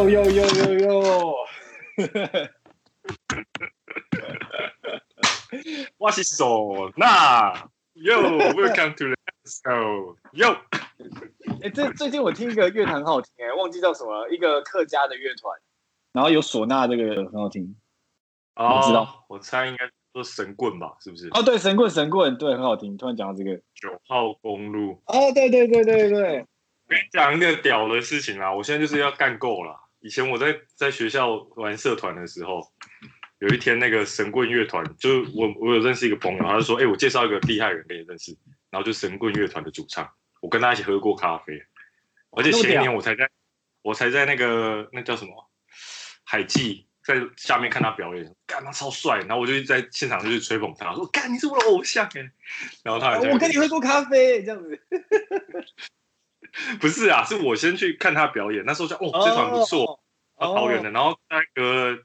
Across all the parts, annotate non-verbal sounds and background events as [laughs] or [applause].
喲喲喲喲喲！哈哈哈哈哈！哇，是嗩吶！Yo，welcome to the show. [laughs] Yo, 哎，最最近我聽一個樂團很好聽哎、欸，忘記叫什麼了，一個客家的樂團，然後有嗩吶這個很好聽。哦，我知道，oh, 我猜應該說神棍吧，是不是？哦，oh, 對，神棍，神棍，對，很好聽。突然講到這個九號公路哦，oh, 對，對對對對對，我跟你講一個屌的事情啊，我現在就是要幹夠了。以前我在在學校玩社團的時候，有一天那個神棍樂團，就是我我有認識一個朋友，他就說：“哎、欸，我介紹一個厲害人給你認識。”然後就神棍樂團的主唱，我跟他一起喝過咖啡，而且前一年我才在我才在那個那叫什麼海記在下面看他表演，幹他超帥，然後我就在現場就去吹捧他，說：“幹你是我的偶像哎。”然後他還說我跟你喝過咖啡這樣子。 [laughs] 不是啊，是我先去看他表演，那時候就哦，這團不錯，好遠的，然後大概隔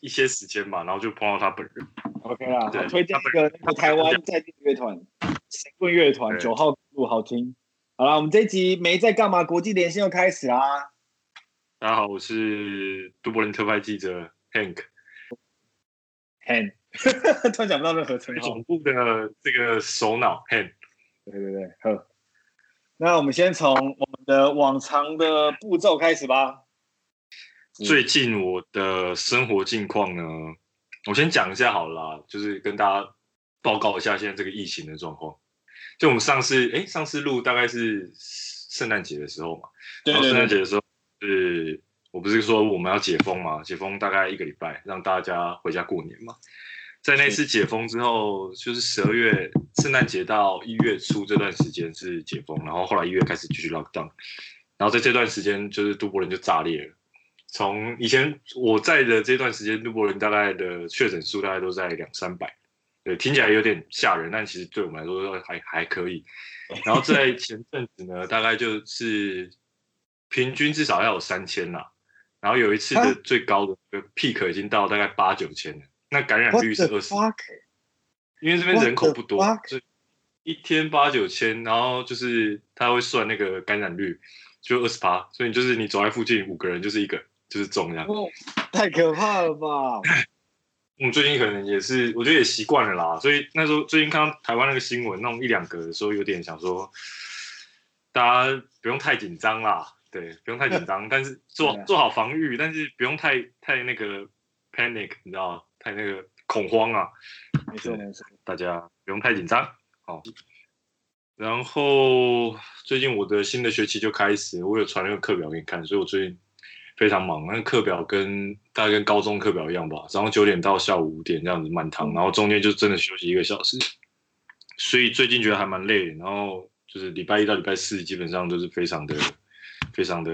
一些時間吧，然後就碰到他本人，OK 啦，推薦一個那台灣在地樂團神棍樂團九號路好聽，好啦，我們這一集沒在幹嘛，國際連線又開始啦。大家好，我是杜柏林特派記者 Hank，Hank 突然講不到任何稱號，總部的這個首腦 Hank，對對對，呵。那我們先從我們的往常的步驟開始吧，嗯。最近我的生活境況呢，我先講一下好啦，就是跟大家報告一下現在這個疫情的狀況。就我們上次，哎、欸，上次錄大概是聖誕節的時候嘛，對對對，然後聖誕節的時候是我不是說我們要解封嘛，解封大概一個禮拜，讓大家回家過年嘛。在那次解封之後，就是十二月聖誕節到一月初這段時間是解封，然後後來一月開始繼續 lockdown，然後在這段時間就是都柏林就炸裂了。從以前我在的這段時間，都柏林大概的確診數大概都在兩三百，對，聽起來有點嚇人，但其實對我們來說還還可以。然後在前陣子呢， [laughs] 大概就是平均至少要有三千了，然後有一次的最高的 peak 已經到大概八九千了。那感染率是二十，因為這邊人口不多，the 就一天八九千，然後就是他會算那個感染率，就二十八，所以就是你走在附近五個人就是一個就是總量。Oh, 太可怕了吧？ [laughs] 我們最近可能也是，我覺得也習慣了啦，所以那時候最近看到台灣那個新聞，弄一兩個的時候，有點想說，大家不用太緊張啦，對，不用太緊張， [laughs] 但是做做好防禦，但是不用太太那個 panic，你知道嗎？太那個恐慌啊沒！沒事沒事，大家不用太緊張哦。然後最近我的新的學期就開始，我有傳那個課表給你看，所以我最近非常忙。那個課表跟大概跟高中課表一樣吧，早上九點到下午五點這樣子滿堂，嗯、然後中間就真的休息一個小時。所以最近覺得還蠻累，然後就是禮拜一到禮拜四基本上都是非常的非常的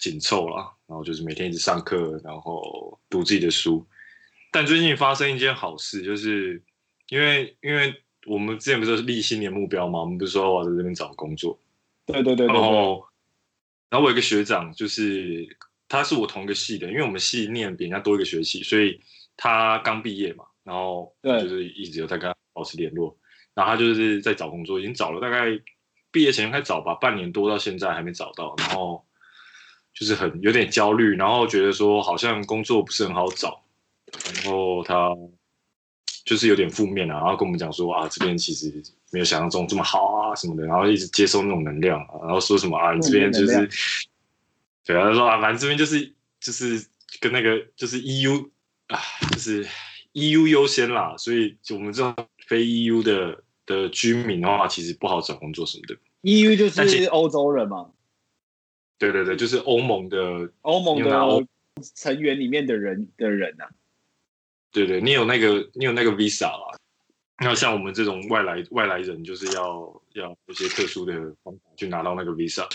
緊湊啊，然後就是每天一直上課，然後讀自己的書。但最近發生一件好事，就是因為因為我們之前不是立新年目標嘛，我們不是說我要在這邊找工作，對對對，對。然後，然後我有一個學長，就是他是我同個系的，因為我們系念比人家多一個學期，所以他剛畢業嘛。然後就是一直有在跟他保持聯絡。對然後他就是在找工作，已經找了大概畢業前應該找吧，半年多到現在還沒找到。然後就是很有點焦慮，然後覺得說好像工作不是很好找。然後他就是有點負面啊，然後跟我們講說啊，這邊其實沒有想象中這麼好啊什麼的，然後一直接受那種能量啊，然後說什麼啊，你這邊就是，對啊，說啊，反正這邊就是就是跟那個就是 EU 啊，就是 EU 優先啦，所以就我們這種非 EU 的的居民的話，其實不好找工作什麼的。EU 就是歐洲人嘛？對對對，就是歐盟的歐盟的歐盟成員裡面的人的人吶，啊。對對，你有那個你有那個 visa 啦。那像我們這種外來外來人，就是要要一些特殊的方法去拿到那個 visa。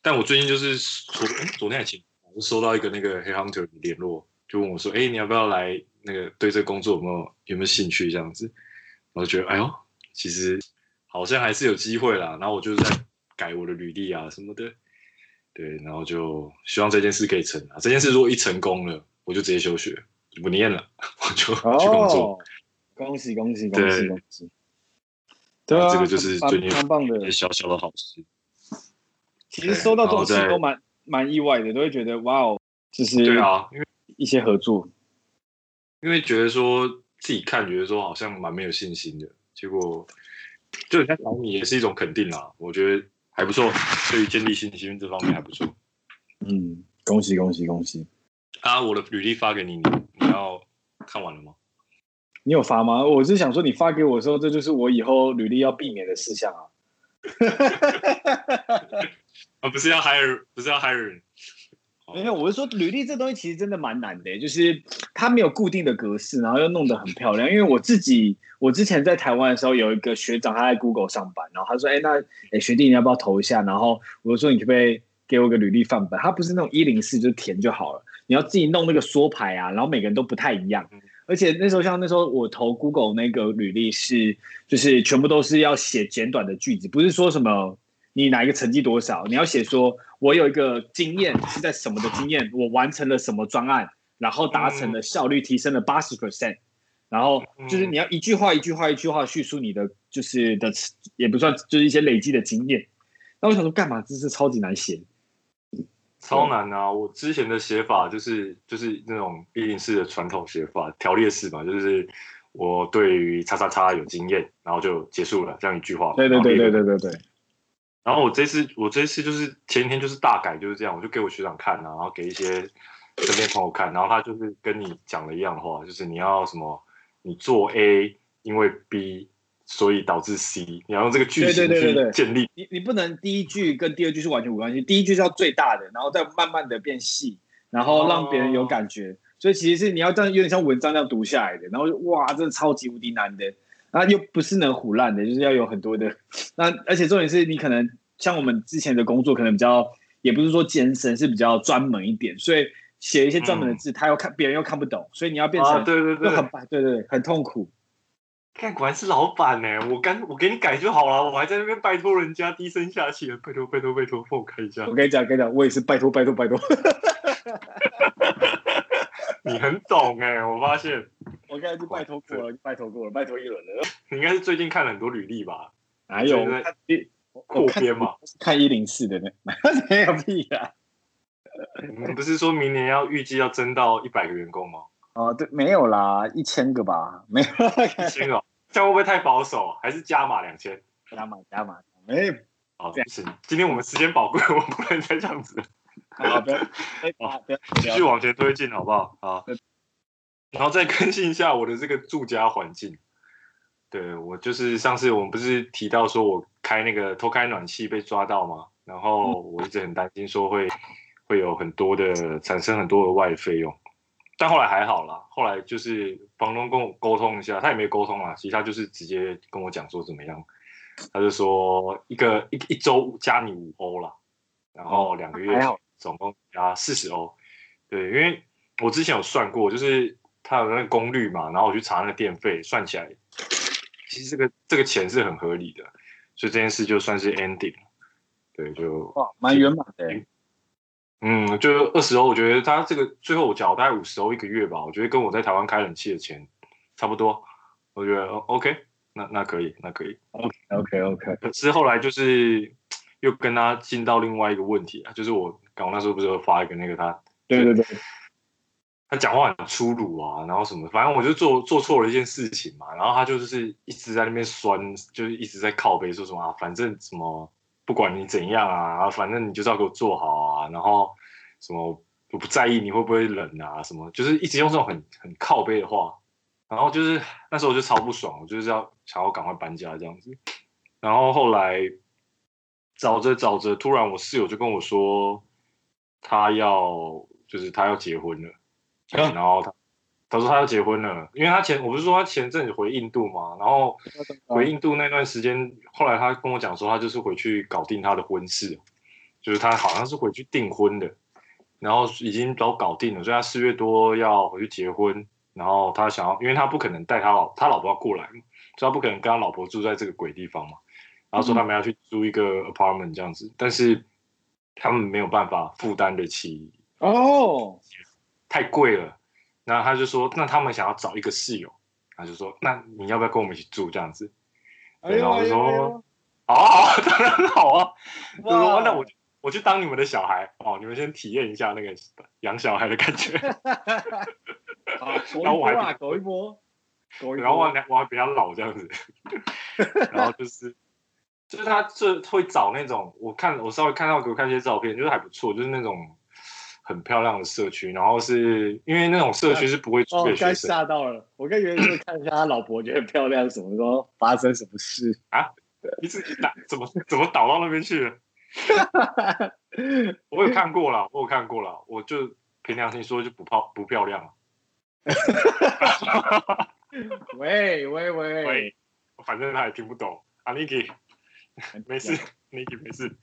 但我最近就是昨昨天還請我收到一個那個 Head Hunter 的聯絡，就問我說：“哎，你要不要來？那個對這個工作有沒有有沒有興趣？”這樣子，我就覺得哎喲其實好像還是有機會啦。然後我就是在改我的履歷啊什麼的，對，然後就希望這件事可以成啊。這件事如果一成功了，我就直接休學。不念了，我 [laughs] 就去工作。恭喜恭喜恭喜恭喜！對啊，這個就是最近很棒的小小的好事。對其實收到東西都蠻蠻對意外的，都會覺得哇哦，就是對啊，因為一些合作、啊，因為覺得說自己看，覺得說好像蠻沒有信心的，結果就人家找你也是一種肯定啦， [laughs] 我覺得還不錯，對於建立信心這方面還不錯。嗯，恭喜恭喜恭喜！恭喜啊，我的履歷發給你，你要看完了嗎？你有發嗎？我是想說，你發給我的時候，這就是我以後履歷要避免的事項啊。 [laughs] [laughs] 啊，不是要 hire，不是要 hire。沒有，我是說，履歷這東西其實真的蠻難的，就是它沒有固定的格式，然後又弄得很漂亮。因為我自己，我之前在台灣的時候，有一個學長他在 Google 上班，然後他說：“哎，那哎學弟你要不要投一下？”然後我就說：“你可不可以給我個履歷範本？”他不是那種一零四就填就好了。你要自己弄那個縮排啊，然後每個人都不太一樣。而且那時候，像那時候我投 Google 那個履歷是，就是全部都是要寫簡短的句子，不是說什麼你哪一個成績多少，你要寫說我有一個經驗是在什麼的經驗，我完成了什麼專案，然後達成了效率提升了八十 percent，然後就是你要一句話一句話一句話敘述你的就是的，也不算就是一些累積的經驗。那我想說，幹嘛，這是超級難寫？嗯、超難啊！我之前的寫法就是就是那種必定式的傳統寫法，條列式嘛，就是我對於叉叉叉有經驗，然後就結束了，這樣一句話。對對對對對對對。然後我這次我這次就是前一天就是大改就是這樣，我就給我學長看，然後給一些身邊朋友看，然後他就是跟你講了一樣的話，就是你要什麼，你做 A，因為 B。所以導致 C，你要用這個句型去建立。對對對對對，你你不能第一句跟第二句是完全無關係。第一句是要最大的，然後再慢慢的變細，然後讓別人有感覺。哦、所以其實是你要這樣，有點像文章那樣讀下來的。然後就哇，真的超級無敵難的，啊又不是能唬爛的，就是要有很多的。那而且重點是你可能像我們之前的工作，可能比較也不是說艱深是比較專門一點。所以寫一些專門的字，嗯、他又看別人又看不懂，所以你要變成、啊、對，對，對，對對對，很很對對很痛苦。看，果然是老闆呢、欸！我改，我給你改就好了，我還在那邊拜托人家低聲下氣拜托，拜托，拜托，幫我開一下。我跟你講，跟你講，我也是拜托，拜托，拜托。 [laughs] [laughs] 你很懂哎、欸，我發現。我現在就拜托過，過了，拜托過了，拜托一輪了。你應該是最近看了很多履歷吧？哪有？對我看邊嘛，看一零四的呢。沒 [laughs] 有屁啊！ [laughs] 你們不是說明年要預計要增到一百個員工嗎？哦，對，沒有啦，一千個吧，沒有 [laughs] 一千個，這樣會不會太保守？還是加碼兩千？加碼加碼，哎，沒有好，這樣不行。今天我們時間寶貴，我們不能再這樣子。啊、好，不要，好，不要。繼續往前推進，好不好？好，然後再更新一下我的這個住家環境。對，我就是上次我們不是提到說，我開那個偷開暖氣被抓到嗎？然後我一直很擔心說會 [laughs] 會有很多的產生很多額外的費用。但後來還好啦，後來就是房東跟我溝通一下，他也沒溝通啊，其實他就是直接跟我講說怎麼樣，他就說一個一一週加你五歐啦，然後兩個月總共加四十歐，對，因為我之前有算過，就是他有那個功率嘛，然後我去查那個電費，算起來其實這個這個錢是很合理的，所以這件事就算是 ending，對，就哇，蠻圓滿的欸。嗯，就二十歐，我覺得他這個最後我繳大概五十歐一個月吧，我覺得跟我在台灣開冷氣的錢差不多，我覺得 OK，那那可以，那可以，OK OK OK。可是後來就是又跟他進到另外一個問題啊，就是我剛剛那時候不是發一個那個他，對對對，他講話很粗魯啊，然後什麼，反正我就做做錯了一件事情嘛，然後他就是一直在那邊酸，就是一直在靠北說什麼啊，反正什麼。不管你怎樣啊，反正你就是要給我做好啊，然後什麼我不在意你會不會冷啊，什麼就是一直用這種很很靠北的話，然後就是那時候我就超不爽，我就是要想要趕快搬家這樣子，然後後來找着找着，突然我室友就跟我說，他要就是他要結婚了，嗯、然後他。他說他要結婚了，因為他前我不是說他前陣子回印度嘛，然後回印度那段時間，後來他跟我講說，他就是回去搞定他的婚事，就是他好像是回去訂婚的，然後已經都搞定了，所以他四月多要回去結婚，然後他想要，因為他不可能帶他老他老婆要過來，所以他不可能跟他老婆住在這個鬼地方嘛，然後說他們要去租一個 apartment 這樣子，嗯，但是他們沒有辦法負擔得起，哦，oh. 太貴了。那他就說，那他們想要找一個室友，他就說，那你要不要跟我們一起住這樣子？哎呦哎呦，然後我說，哎呦哎呦好啊，好啊，當然好啊！哇，就說，那我我去當你們的小孩哦，你們先體驗一下那個養小孩的感覺。然後我還搞一波，然後我還我還比較老這樣子，然後，樣子 [laughs] 然後就是就是他是會找那種，我看我稍微看到給我看一些照片，就是還不錯，就是那種。很漂亮的社區，然後是因為那種社區是不會哦，剛嚇到了。我跟袁老師看一下，他老婆覺得很漂亮， [coughs] 什麼時候發生什麼事啊？一次怎麼怎麼倒到那邊去了 [laughs] 我？我有看過了，我有看過了，我就憑良心說就不漂不漂亮 [laughs] [laughs] 喂喂喂喂，反正他也聽不懂。啊，Niki 沒事，Niki 沒事。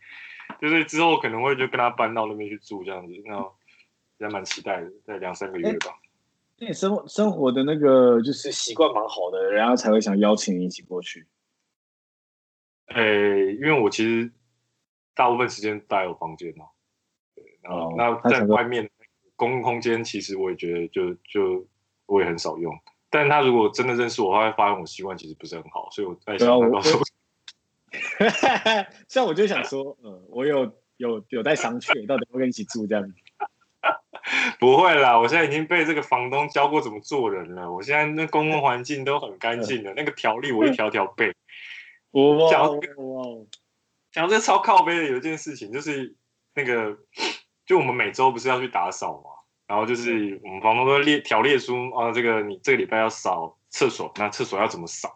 就是之後可能會就跟他搬到那邊去住這樣子，那也蠻期待的，再兩三個月吧。那你、欸、生活生活的那個就是習慣蠻好的，然後才會想邀請你一起過去。誒、欸，因為我其實大部分時間待在我房間哦、喔，然後、哦、那在外面公共空間其實我也覺得就就我也很少用，但他如果真的認識我，他會發現我習慣其實不是很好，所以我想、啊。我 [laughs] 哈哈，所以 [laughs] 我就想說，嗯、呃，我有有有在商榷，到底要不要跟你一起住這樣？ [laughs] 不會啦，我現在已經被這個房東教過怎麼做人了。我現在那公共環境都很乾淨的， [laughs] 那個條例我一條條背。 [laughs] 我，哇、哦，講、哦哦哦、這個超靠杯的，有一件事情就是那個，就我們每周不是要去打掃嘛，然後就是我們房東都列條列出，啊，這個你這個禮拜要掃廁所，那廁所要怎麼掃？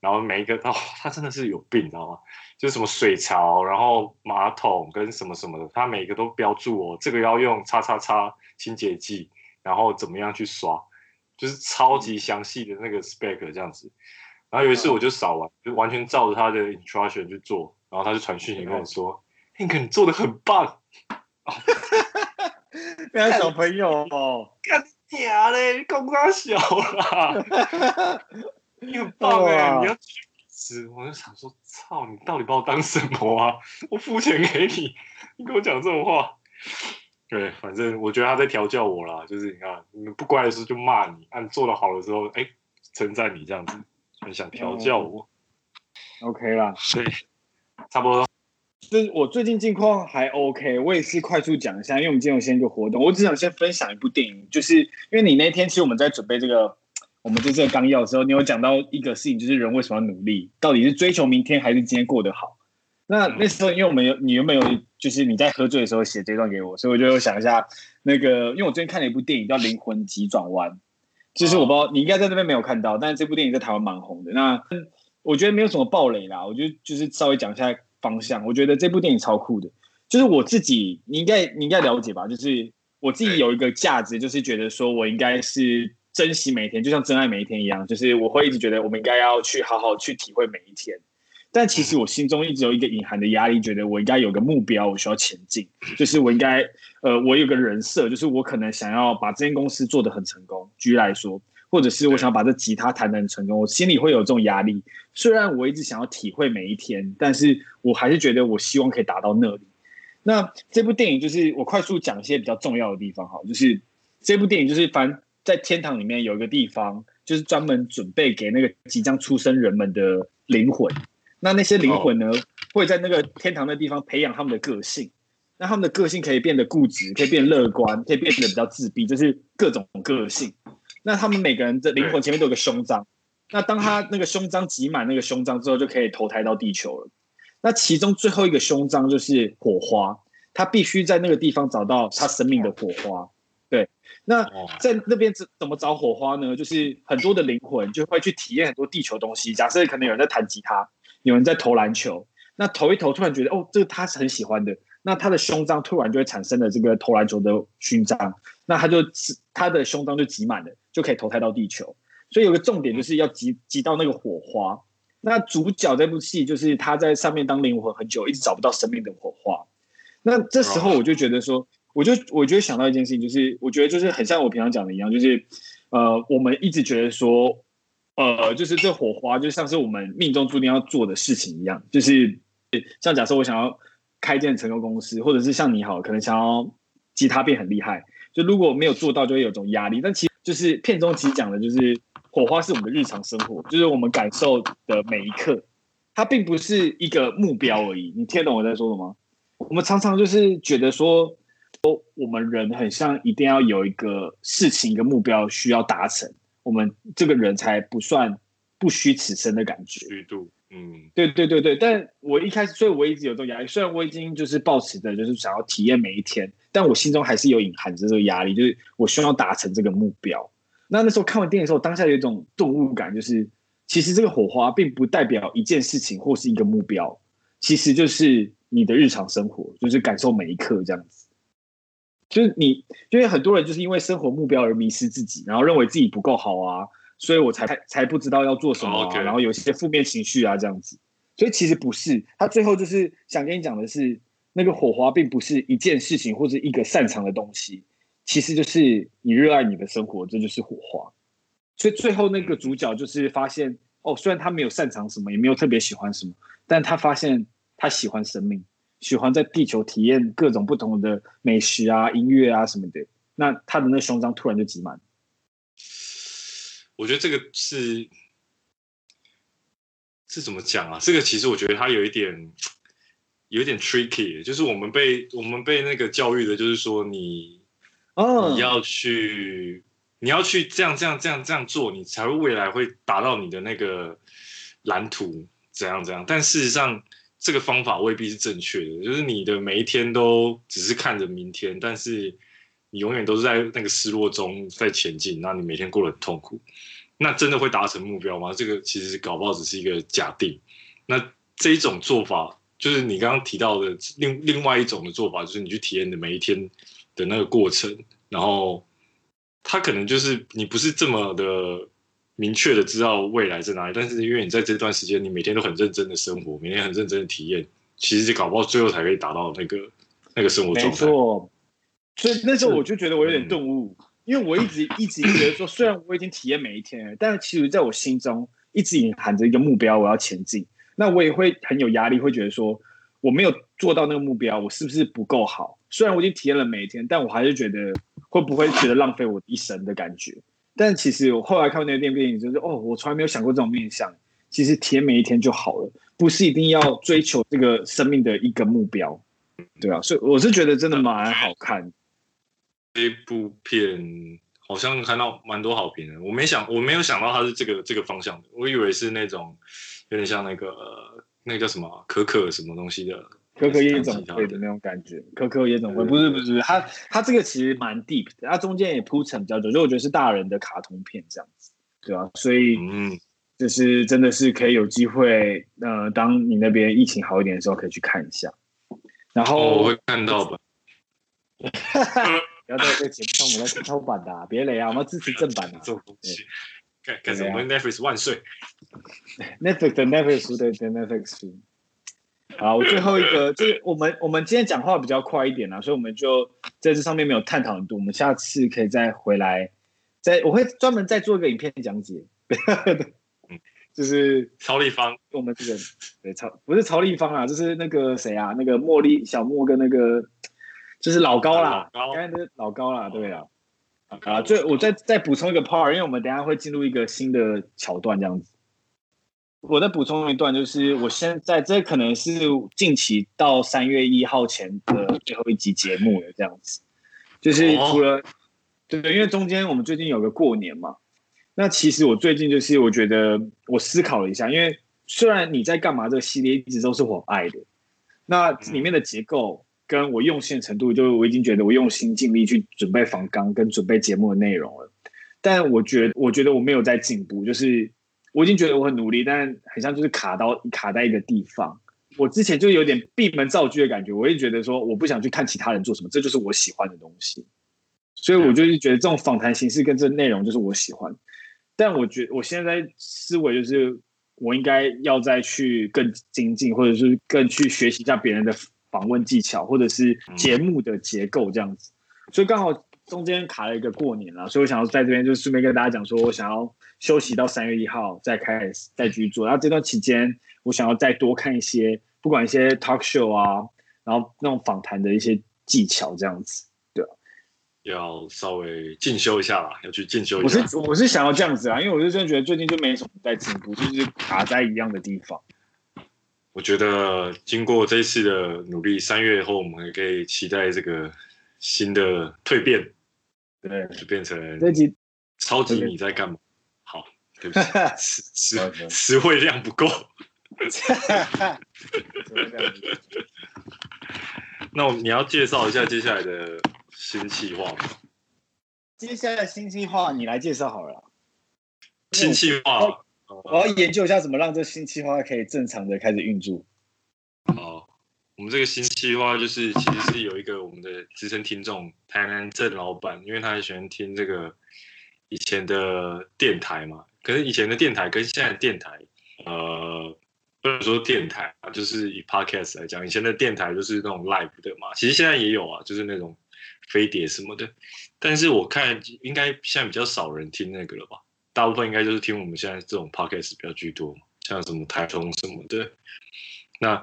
然後每一個哦，他真的是有病，你知道嗎？就是什麼水槽，然後馬桶跟什麼什麼的，他每一個都標注哦，這個要用叉叉叉清潔劑，然後怎麼樣去刷，就是超級詳細的那個 spec 這樣子。然後有一次我就掃完，就完全照着他的 instruction 去做，然後他就傳訊息跟我說：“Hank，對、hey, 你做得很棒。 [laughs] 哦”哈哈哈哈小朋友哦，乾爹嘞，公要笑啦。 [laughs] 你很棒哎、欸！啊、你要指我就想說，操，你到底把我當什麼啊？我付錢給你，你跟我講這種話，對，反正我覺得他在調教我啦。就是你看，你不乖的時候就罵你，按做的好的時候，哎、欸，稱讚你這樣子，很想調教我、哦。OK 啦，對，差不多。就我最近近況還 OK，我也是快速講一下，因為我們今天有先一個活動，我只想先分享一部電影，就是因為你那天其實我們在準備這個。我們在這個綱要的時候，你有講到一個事情，就是人為什麼要努力？到底是追求明天，還是今天過得好？那那時候，因為我們有你原本有沒有，就是你在喝醉的時候寫這段給我，所以我就想一下那個。因為我最近看了一部電影叫《靈魂急轉彎》，其實我不知道你應該在那邊沒有看到，但是這部電影在台灣蠻紅的。那我覺得沒有什麼暴雷啦，我覺得就是稍微講一下方向。我覺得這部電影超酷的，就是我自己，你應該你應該了解吧？就是我自己有一個價值，就是覺得說我應該是。珍惜每一天，就像珍愛每一天一樣，就是我會一直覺得我們應該要去好好去體會每一天。但其實我心中一直有一個隱含的壓力，覺得我應該有個目標，我需要前進。就是我應該，呃，我有個人設，就是我可能想要把這間公司做得很成功，舉例來說，或者是我想把這吉他彈得很成功，對我心裡會有這種壓力。雖然我一直想要體會每一天，但是我還是覺得我希望可以達到那裡。那這部電影就是我快速講一些比較重要的地方，哈，就是這部電影就是反。在天堂裡面有一個地方，就是專門準備給那個即將出生人們的靈魂。那那些靈魂呢，會在那個天堂的地方培養他們的個性。那他們的個性可以變得固執，可以變樂觀，可以變得比較自閉，就是各種個性。那他們每個人的靈魂前面都有個胸章。那當他那個胸章擠滿那個胸章之後，就可以投胎到地球了。那其中最後一個胸章就是火花，他必須在那個地方找到他生命的火花。那在那邊怎怎麼找火花呢？就是很多的靈魂就會去體驗很多地球東西。假設可能有人在彈吉他，有人在投籃球，那投一投，突然覺得哦，這個他是很喜歡的。那他的胸章突然就會產生了這個投籃球的勳章，那他就是他的胸章就集滿了，就可以投胎到地球。所以有個重點就是要集集到那個火花。那主角這部戲就是他在上面當靈魂很久，一直找不到生命的火花。那這時候我就覺得說。我就我覺得想到一件事情，就是我覺得就是很像我平常講的一樣，就是呃，我們一直覺得說，呃，就是這火花就像是我們命中注定要做的事情一樣，就是像假設我想要開一間成功公司，或者是像你好可能想要吉他變很厲害，就如果沒有做到就會有種壓力。但其實就是片中其實講的就是，火花是我們的日常生活，就是我們感受的每一刻，它並不是一個目標而已。你聽懂我在說什麼？我們常常就是覺得說。哦，我們人很像，一定要有一個事情、一個目標需要達成，我們這個人才不算不虛此生的感覺。嗯，對對對對。但我一開始，所以我一直有這種壓力。雖然我已經就是抱持着，就是想要體驗每一天，但我心中還是有隱含着這個壓力，就是我需要達成這個目標。那那時候看完電影的時候，當下有一種頓悟感，就是其實這個火花並不代表一件事情或是一個目標，其實就是你的日常生活，就是感受每一刻這樣子。就是你，因為很多人就是因為生活目標而迷失自己，然後認為自己不夠好啊，所以我才才不知道要做什麼啊，Okay. 然後有一些負面情緒啊這樣子。所以其實不是，他最後就是想跟你講的是，那個火花並不是一件事情或是一個擅長的東西，其實就是你熱愛你的生活，這就是火花。所以最後那個主角就是發現，哦，雖然他沒有擅長什麼，也沒有特別喜歡什麼，但他發現他喜歡生命。喜歡在地球體驗各種不同的美食啊、音樂啊什麼的，那他的那胸章突然就擠滿了。我覺得這個是是怎麼講啊？這個其實我覺得它有一點有一點 tricky，就是我們被我們被那個教育的，就是說你，oh. 你要去你要去這樣這樣這樣這樣做，你才會未來會達到你的那個藍圖怎樣怎樣。但事實上。這個方法未必是正確的，就是你的每一天都只是看着明天，但是你永遠都是在那個失落中在前進，那你每天過得很痛苦。那真的會達成目標嗎？這個其實搞不好只是一個假定。那這一種做法，就是你剛剛提到的另另外一種的做法，就是你去體驗你的每一天的那個過程，然後它可能就是你不是這麼的。明確的知道未來在哪裡，但是因為你在這段時間，你每天都很認真的生活，每天很認真的體驗，其實搞不好最後才可以達到那個那個生活狀態。沒錯。所以那時候我就覺得我有點頓悟，嗯、因為我一直一直覺得說， [coughs] 雖然我已經體驗每一天了，但是其實在我心中一直隱含着一個目標，我要前進。那我也會很有壓力，會覺得說我沒有做到那個目標，我是不是不夠好？雖然我已經體驗了每一天，但我還是覺得會不會覺得浪費我一生的感覺？但其實我後來看那部電影，就是哦，我從來沒有想過這種面向。其實甜每一天就好了，不是一定要追求這個生命的一個目標。對啊，所以我是覺得真的蠻好看的、呃。這部片好像看到蠻多好評的，我沒想，我沒有想到它是這個這個方向的，我以為是那種有點像那個那個叫什麼可可什麼東西的。可可也總會的那種感覺，可可夜總會不是，不是，它它這個其實蠻 deep 的，它中間也鋪陳比較多，就我覺得是大人的卡通片這樣子，對啊，所以嗯，就是真的是可以有機會，呃，當你那邊疫情好一點的時候，可以去看一下。然後、哦、我會看到吧。不要在這錢不通，我們要看正版的，別來啊，我們要支持正版、啊、的。做空氣，幹幹，我們 Netflix 萬歲！Netflix Netflix Netflix。好，我最後一個 [laughs] 就是我們我們今天講話比較快一點啦，所以我們就在這上面沒有探討很多，我們下次可以再回來，再，我會專門再做一個影片講解。嗯， [laughs] 就是超立方我們這個立對超不是超立方啊，就是那個誰啊，那個茉莉小莫跟那個就是老高啦，剛高才是老高啦，對啊啊，最我再再補充一個 part，因為我們等下會進入一個新的橋段這樣子。我再補充一段，就是我現在這可能是近期到三月一號前的最後一集節目了，這樣子。就是除了對，因為中間我們最近有個過年嘛，那其實我最近就是我覺得我思考了一下，因為雖然沒在幹嘛這個系列一直都是我愛的，那裡面的結構跟我用心的程度，就我已經覺得我用心盡力去準備訪綱跟準備節目的內容了，但我覺得我覺得我沒有在進步，就是。我已經覺得我很努力，但很像就是卡到卡在一個地方。我之前就有點閉門造車的感覺。我也覺得說我不想去看其他人做什麼，這就是我喜歡的東西。所以，我就是覺得這種訪談形式跟這內容就是我喜歡。嗯、但我覺我現在思維就是我應該要再去更精進，或者是更去學習一下別人的訪問技巧，或者是節目的結構這樣子。嗯、所以剛好。中間卡了一個過年了，所以我想要在這邊，就順便跟大家講，說我想要休息到三月一號再開始再繼續做。然後這段期間，我想要再多看一些，不管一些 talk show 啊，然後那種訪談的一些技巧這樣子，對。要稍微進修一下啦，要去進修一下。我是我是想要這樣子啊，因為我是真的覺得最近就沒什麼在進步，就是卡在一樣的地方。我覺得經過這一次的努力，三月以後我們也可以期待這個新的蛻變。對，就變成超級你在幹嘛？對對對好，對不起，詞詞詞彙量不夠。那我們，你要介紹一下接下來的新企劃嗎？接下來的新企劃你來介紹好了。新企劃，哦，我要研究一下怎麼讓這新企劃可以正常的開始運作。好，我們這個新。企劃就是，其實是有一個我們的資深聽眾，台南鄭老闆，因為他很喜歡聽這個以前的電台嘛。可是以前的電台跟現在的電台，呃，不能說電台，就是以 podcast 來講，以前的電台就是那種 live 的嘛。其實現在也有啊，就是那種飛碟什麼的。但是我看應該現在比較少人聽那個了吧，大部分應該就是聽我們現在這種 podcast 比較居多，像什麼颱風什麼的。那。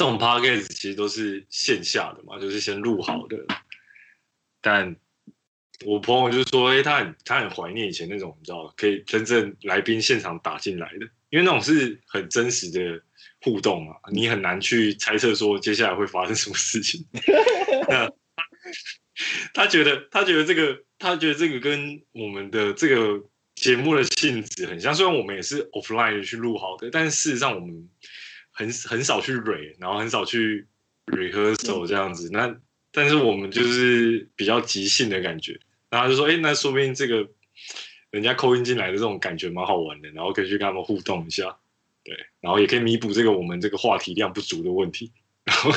這種 podcast 其實都是線下的嘛，就是先錄好的。但我朋友就說：“哎、欸，他很他很懷念以前那種，你知道，可以真正來賓現場打進來的，因為那種是很真實的互動啊，你很難去猜測說接下來會發生什麼事情。 [laughs] ”那他覺得，他覺得這個，他覺得這個跟我們的這個節目的性質很像。雖然我們也是 offline 去錄好的，但事實上我們。很很少去 re，然後很少去 rehearsal 這樣子，那但是我們就是比較即興的感覺，然後就說，哎、欸，那說不定這個人家 call in 進來的這種感覺蠻好玩的，然後可以去跟他們互動一下，對，然後也可以彌補這個我們這個話題量不足的問題，然後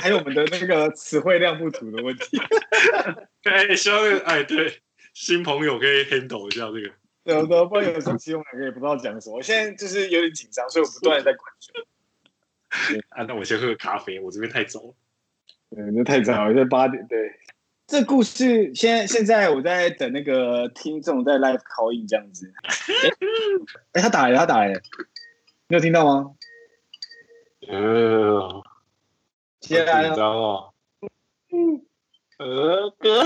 還有我們的那個詞彙量不足的問題，哎、 [laughs] 欸，希望哎、欸、對新朋友可以 handle 一下這個。有的， [laughs] 對我都不然有時候我們兩個也不知道講什麼。我現在就是有點緊張，所以我不斷的在關注。 [laughs] 對啊，那我先喝個咖啡，我這邊太早了。對，那太早了，在八點。對， [laughs] 這故事，現在現在我在等那個聽眾在 live calling 這樣子。哎、欸 [laughs] 欸，他打來了，他打來了。你有聽到嗎？呃、哦，誰來了？嗯、哥、呃、哥，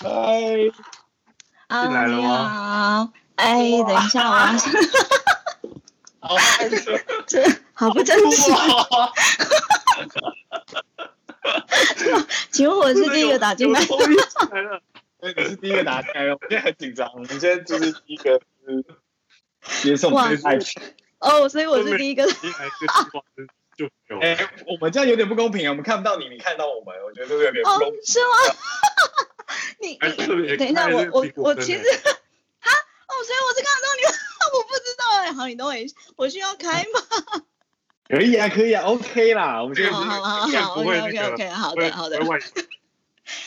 拜。 [laughs] 進來了嗎？哎，等一下，我啊，好，這好不正式。請問我是第一個打進來的嗎？你是第一個打進來，我現在很緊張，我們現在就是一個是接送安全。哦，所以我是第一個。哎，我們這樣有點不公平啊！我們看不到你，你看到我們，我覺得這有點不公平。是嗎？你等一下，我我我其實啊，哦，所以我是看得到你，我不知道哎。好，你都會，我需要開嗎？可以啊，可以啊，OK 啦，我們這邊不會不 OK OK，好的好的。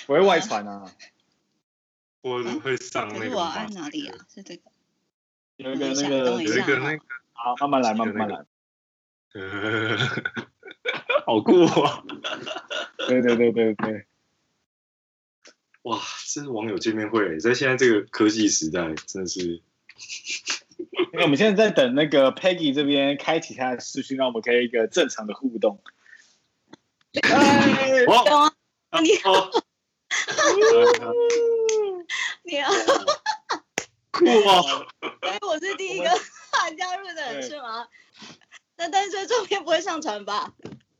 我會外傳啊，我會上那個。我按哪裡啊？是這個。有一個那個有一個那個，好，慢慢來，慢慢來。 [laughs] [laughs] 好酷啊、哦！ [laughs] 對，對對對對對，哇！這是網友見面會，在現在這個科技時代，真的是。那 [laughs] 欸、我們現在在等那個 Peggy 這邊開啟她的視訊，讓我們可以一個正常的互動。好啊，你，你酷啊！所以我是第一個加 [laughs] 入的是嗎？哎但但是這照片不會上傳吧？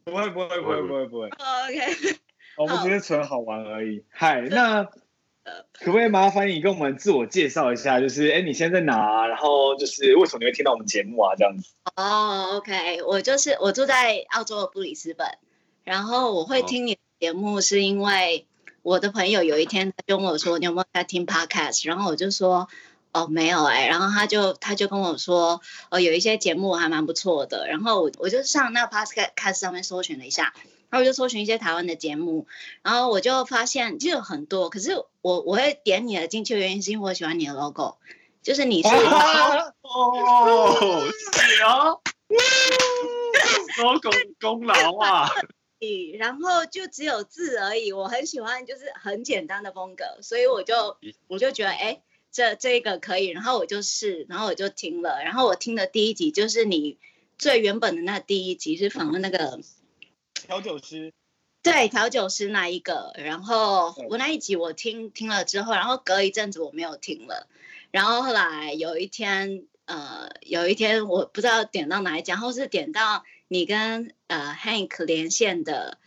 不會不會不會不會不會。OK，我們只是純好玩而已。嗨， [laughs] 那可不可以麻煩你跟我們自我介紹一下？就是，欸，你現在在哪啊？然後就是為什麼你會聽到我們節目啊？這樣子。哦，OK，我就是我住在澳洲的布里斯本。然後我會聽你的節目，是因為我的朋友有一天跟我說：“你有沒有在聽 Podcast？” 然後我就說。哦，沒有哎、欸，然後他就他就跟我說，哦，有一些節目還蠻不錯的，然後我我就上那個 podcast 上面搜尋了一下，然後我就搜尋一些台灣的節目，然後我就發現就有很多，可是我我會點你的，進去原因是因為我喜歡你的 logo，就是你是哦,、啊、哦，是 [laughs] 哦，logo [laughs] 功,功勞啊，然後就只有字而已，我很喜歡就是很簡單的風格，所以我就我就覺得哎。這這個可以，然後我就是，然後我就聽了，然後我聽的第一集就是你最原本的那第一集是訪問那個調酒師，對，調酒師那一個，然後我那一集我聽聽了之後，然後隔一陣子我沒有聽了，然後後來有一天呃有一天我不知道點到哪一集，然後是點到你跟呃 Hank 連線的，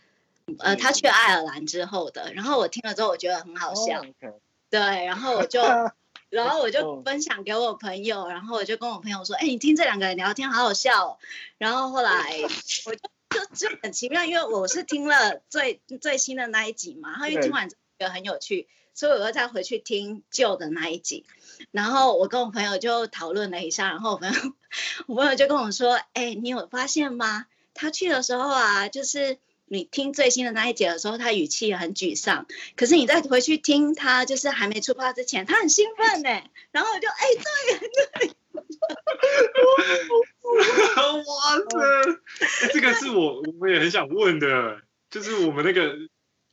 呃他去愛爾蘭之後的，然後我聽了之後我覺得很好笑，oh, okay. 對，然後我就。 [laughs] 然後我就分享給我朋友，oh. 然後我就跟我朋友說：“哎、欸，你聽這兩個人聊天，好好笑、哦。”然後後來我就就 [laughs] 就很奇妙，因為我是聽了最最新的那一集嘛，然後因為聽完這個很有趣，Okay. 所以我又再回去聽舊的那一集。然後我跟我朋友就討論了一下，然後我朋友我朋友就跟我說：“哎、欸，你有發現嗎？他去的時候啊，就是。”你聽最新的那一集的時候，他語氣很沮喪。可是你再回去聽他，就是還沒出發之前，他很興奮哎、欸。然後我就哎、欸、對，哈哈， [laughs] 我的，這個是我我也很想問的，就是我們那個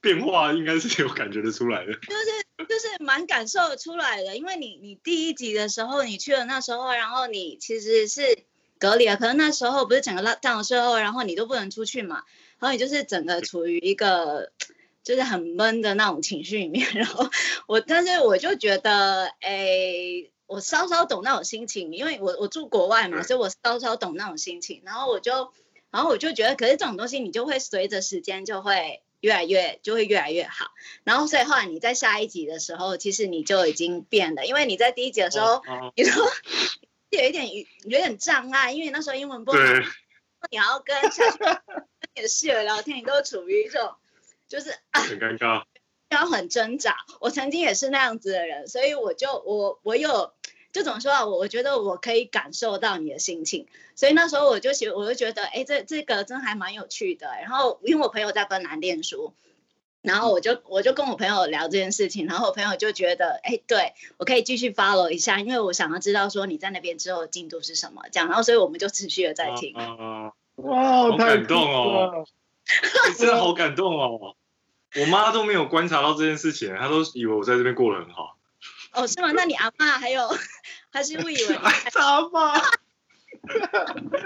變化應該是挺有感覺得出來的，就是就是蠻感受出來的，因為你你第一集的時候你去了那時候，然後你其實是隔離了，可能那時候不是整個 lockdown 的時候，然後你都不能出去嘛。然後你就是整個處於一個就是很悶的那種情緒裡面，然後我，但是我就覺得，哎，我稍稍懂那種心情，因為我我住國外嘛，所以我稍稍懂那種心情。然後我就，然後我就覺得，可是這種東西你就會隨着時間就會越來越，就會越來越好。然後所以後來你在下一集的時候，其實你就已經變了，因為你在第一集的時候，oh, uh, 你說有一點有點障礙，因為那時候英文不好，對你要跟下去。 [laughs] 也是聊天，你都處於一種就是、啊、很尷尬，要很掙扎。我曾經也是那樣子的人，所以我就我我有就怎麼說啊？我我覺得我可以感受到你的心情，所以那時候我就想，我就覺得，哎、欸，這這個真的還蠻有趣的、欸。然後因為我朋友在芬蘭念書，然後我就我就跟我朋友聊這件事情，然後我朋友就覺得，哎、欸，對我可以繼續 follow 一下，因為我想要知道說你在那邊之後的進度是什麼這樣。然後所以我們就持續的在聽。啊啊啊哇，太感動哦，喔欸！真的好感動哦、喔！我媽都沒有觀察到這件事情，她都以為我在這邊過得很好。哦，是嗎？那你阿爸還有還是誤以為？阿爸、啊，啊、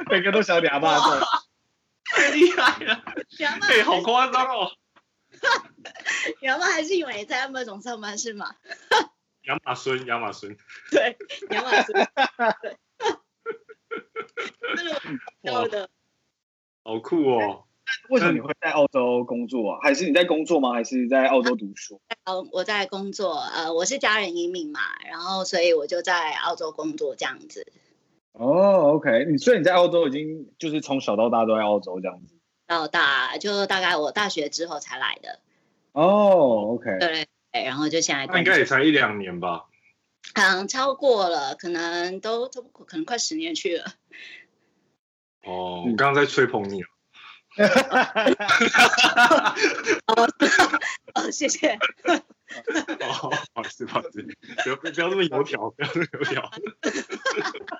每個都想你阿爸做，太厲害了！哎對，好誇張哦！你阿爸還是以為你在亞馬遜上班是嗎？亞馬遜亞馬遜對，亞馬遜對哈哈哈那個好的。好酷哦！為什麼你會在澳洲工作啊？還是你在工作嗎？還是在澳洲讀書？哦，我在工作。呃，我是家人移民嘛，然後所以我就在澳洲工作這樣子。哦，OK，你所以你在澳洲已經就是從小到大都在澳洲這樣子。到大就大概我大學之後才來的。哦，OK。對，對，對。然後就現在應該也才一兩年吧。嗯，超過了，可能都都可能快十年去了。哦，你剛剛在吹捧你了。哦 [laughs] [laughs] [laughs] 哦，謝謝。 [laughs] 哦，不好意思，是吧？不要不要那麼油條，不要那麼油條。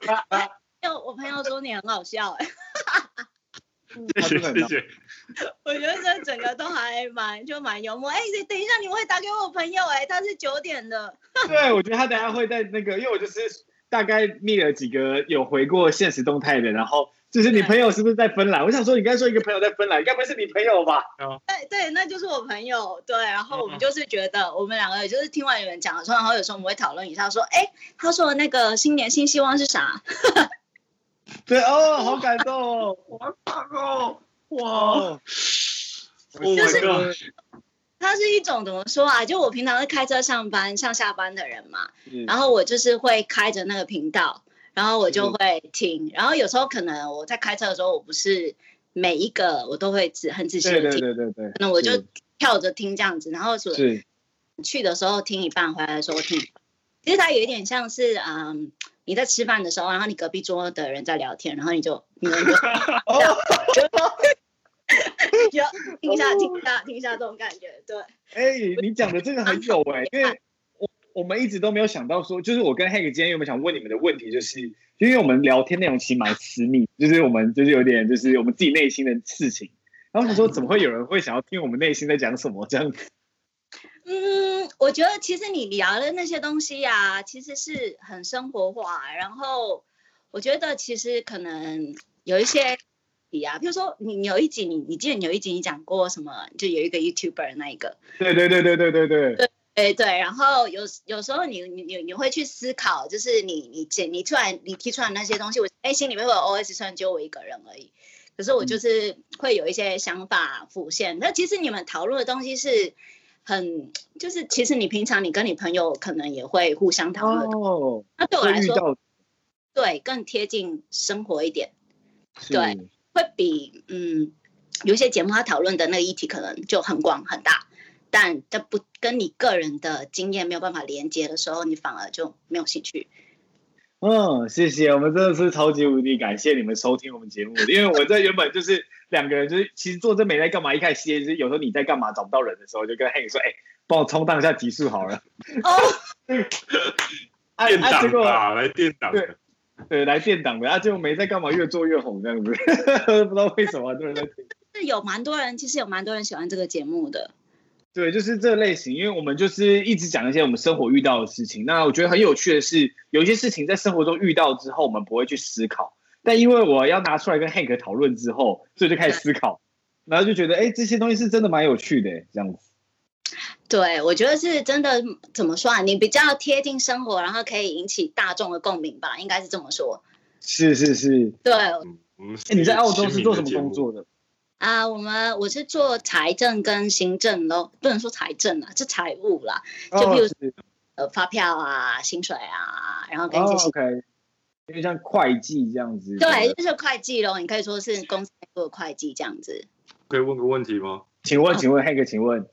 哈哈 [laughs] [laughs] 我朋友說你很好笑哎，欸 [laughs] 。謝謝謝謝。 [laughs] [laughs] 我覺得這整個都還蠻就蠻幽默哎。等一下你們會打給我朋友哎，他是九點的。對，我覺得他等下會在那個，因為我就是大概密了幾個有回過限時動態的，然後。就是你朋友是不是在芬蘭？對對對，我想說，你剛才說一個朋友在芬蘭，應該不是你朋友吧？對對，那就是我朋友。對，然後我們就是覺得，嗯嗯，我們兩個也就是聽完有人講了，然後有時候我們會討論一下，說，哎、欸，他說的那個新年新希望是啥？ [laughs] 對哦，好感動，哦，哇我哦，哇，就是他是一種怎麼說啊？就我平常是開車上班上下班的人嘛，然後我就是會開着那個頻道。然後我就會聽，是然後有時候可能我在開車的時候，我不是每一個我都會很仔細聽，對對對對對，可能我就跳着聽這樣子，是然後或者去的時候聽一半，回來的時候聽。其實它有一點像是，嗯，你在吃飯的時候，然後你隔壁桌的人在聊天，然後你就，要聽一下聽一下聽一下這種感覺，對。哎、欸，你你講的真的很有哎、欸， [laughs] 因為。我們一直都沒有想到說，就是我跟 Hack 今天有沒有想問你們的問題，就是，就是，因為我們聊天內容其實蠻私密，就是我們就是有點就是我們自己內心的事情。然後他說，怎麼會有人會想要聽我們內心在講什麼這樣子？嗯，我覺得其實你聊的那些東西呀、啊，其實是很生活化。然後我覺得其實可能有一些，啊，比如說你有一集，你你記得你有一集你講過什麼？就有一個 YouTuber 那一個。對對對對對對對。誒，對，然後有有時候你你你你會去思考，就是你你解，你突然你，你提出來那些東西，我誒心裡面會有 OS，雖然就我一個人而已，可是我就是會有一些想法浮現。嗯、那其實你們討論的東西是很，就是其實你平常你跟你朋友可能也會互相討論。哦，那對我來說，對，更貼近生活一點。是對，會比嗯，有些節目他討論的那個議題可能就很廣很大。但這不跟你個人的經驗沒有辦法連接的時候，你反而就沒有興趣。嗯、哦，謝謝，我們真的是超級無敵感,感謝你們收聽我們節目。因為我在原本就是兩個人，就是其實做這沒在幹嘛，一開始其實、就是、有時候你在幹嘛找不到人的時候，就跟黑、hey、影說：“哎、欸，幫我充當一下集數好了。”哦，店長、 [laughs] 啊、吧，啊、來店長。對對，來店長，然後就沒在幹嘛，越做越紅這樣子， [laughs] 不知道為什麼，就是很多人在聽。是有蠻多人，其實有蠻多人喜歡這個節目的。對，就是這類型，因為我們就是一直講一些我們生活遇到的事情。那我覺得很有趣的是，有一些事情在生活中遇到之後，我們不會去思考，但因為我要拿出來跟 Hank 討論之後，所以就開始思考，嗯、然後就覺得，哎，這些東西是真的蠻有趣的，這樣子。對，我覺得是真的，怎麼說啊？你比較貼近生活，然後可以引起大眾的共鳴吧，應該是這麼說。是是是。對。哎，你在澳洲是做什麼工作的？啊，uh, 我們我是做財政跟行政咯，不能說財政啊，是財務啦，oh, 就譬如 is. 呃發票啊、薪水啊，然後跟一些 OK 因為像會計這樣子，對，對就是會計咯，你可以說是公司會做會計這樣子。可以問個問題嗎？請問，請問，那個，請問，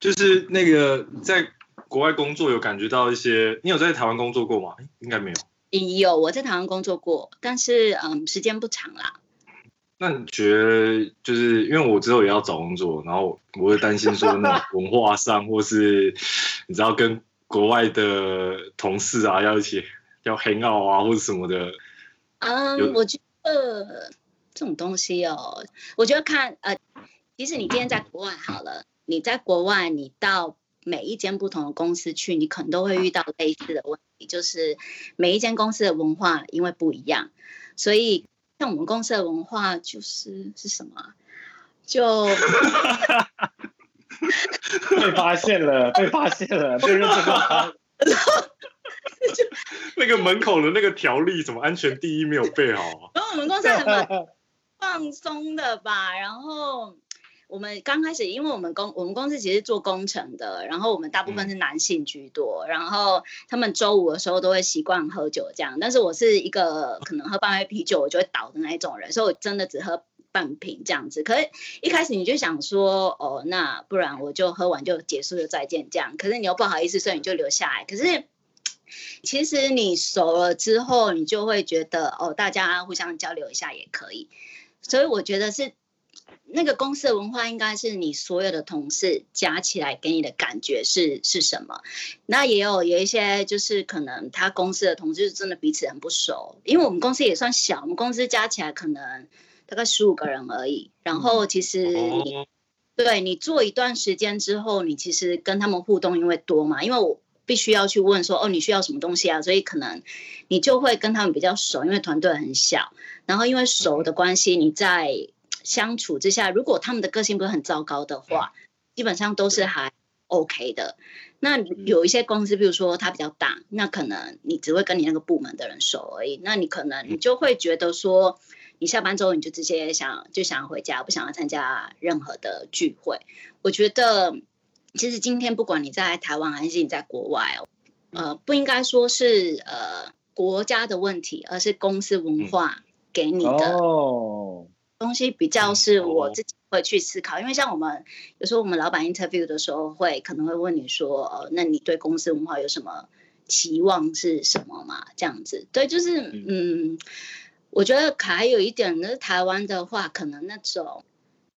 就是那個在國外工作有感覺到一些，你有在台灣工作過嗎？應該沒有。有，我在台灣工作過，但是嗯，時間不長啦。那你覺得就是因為我之後也要找工作，然後我會擔心說，那種文化上 [laughs] 或是你知道跟國外的同事啊要一起要 hang out 啊或者什麼的。嗯，我覺得、呃、這種東西哦，我覺得看呃，其實你今天在國外好了，你在國外，你到每一間不同的公司去，你可能都會遇到類似的問題，就是每一間公司的文化因為不一樣，所以。像我們公司的文化就是是什麼、啊？就 [laughs] [laughs] 被發現了，被發現了， [laughs] 被認識了。那個門口的那個條例，怎麼安全第一沒有備好、啊？ [laughs] 然後我們公司很放鬆的吧，然後。我們剛開始，因為我們公我們公司其實做工程的，然後我們大部分是男性居多，嗯，然後他們周五的時候都會習慣喝酒這樣，但是我是一個可能喝半杯啤酒我就會倒的那一種人，所以我真的只喝半瓶這樣子。可是一開始你就想說，哦，那不然我就喝完就結束就再見這樣，可是你又不好意思，所以你就留下來。可是其實你熟了之後，你就會覺得，哦，大家互相交流一下也可以，所以我覺得是。那個公司的文化應該是你所有的同事加起來給你的感覺是是什麼？那也有有一些就是可能他公司的同事真的彼此很不熟，因為我們公司也算小，我們公司加起來可能大概十五個人而已。然後其實你對你做一段時間之後，你其實跟他們互動因為多嘛，因為我必須要去問說，哦你需要什麼東西啊，所以可能你就會跟他們比較熟，因為團隊很小，然後因為熟的關係，你在。相處之下，如果他們的個性不是很糟糕的話，對基本上都是還 OK 的。對那有一些公司，嗯、譬如說他比較大，那可能你只會跟你那個部門的人熟而已。那你可能你就會覺得說，你下班之後你就直接想就想要回家，不想要參加任何的聚會。我覺得其實今天不管你在台灣還是你在國外，呃，不應該說是呃國家的問題，而是公司文化給你的。嗯哦東西比較是我自己會去思考，嗯哦、因為像我們有時候我們老闆 interview 的時候會，會可能會問你說、呃，那你對公司文化有什麼期望是什麼嘛？這樣子，對，就是嗯，嗯我覺得還有一點，呢，台灣的話，可能那種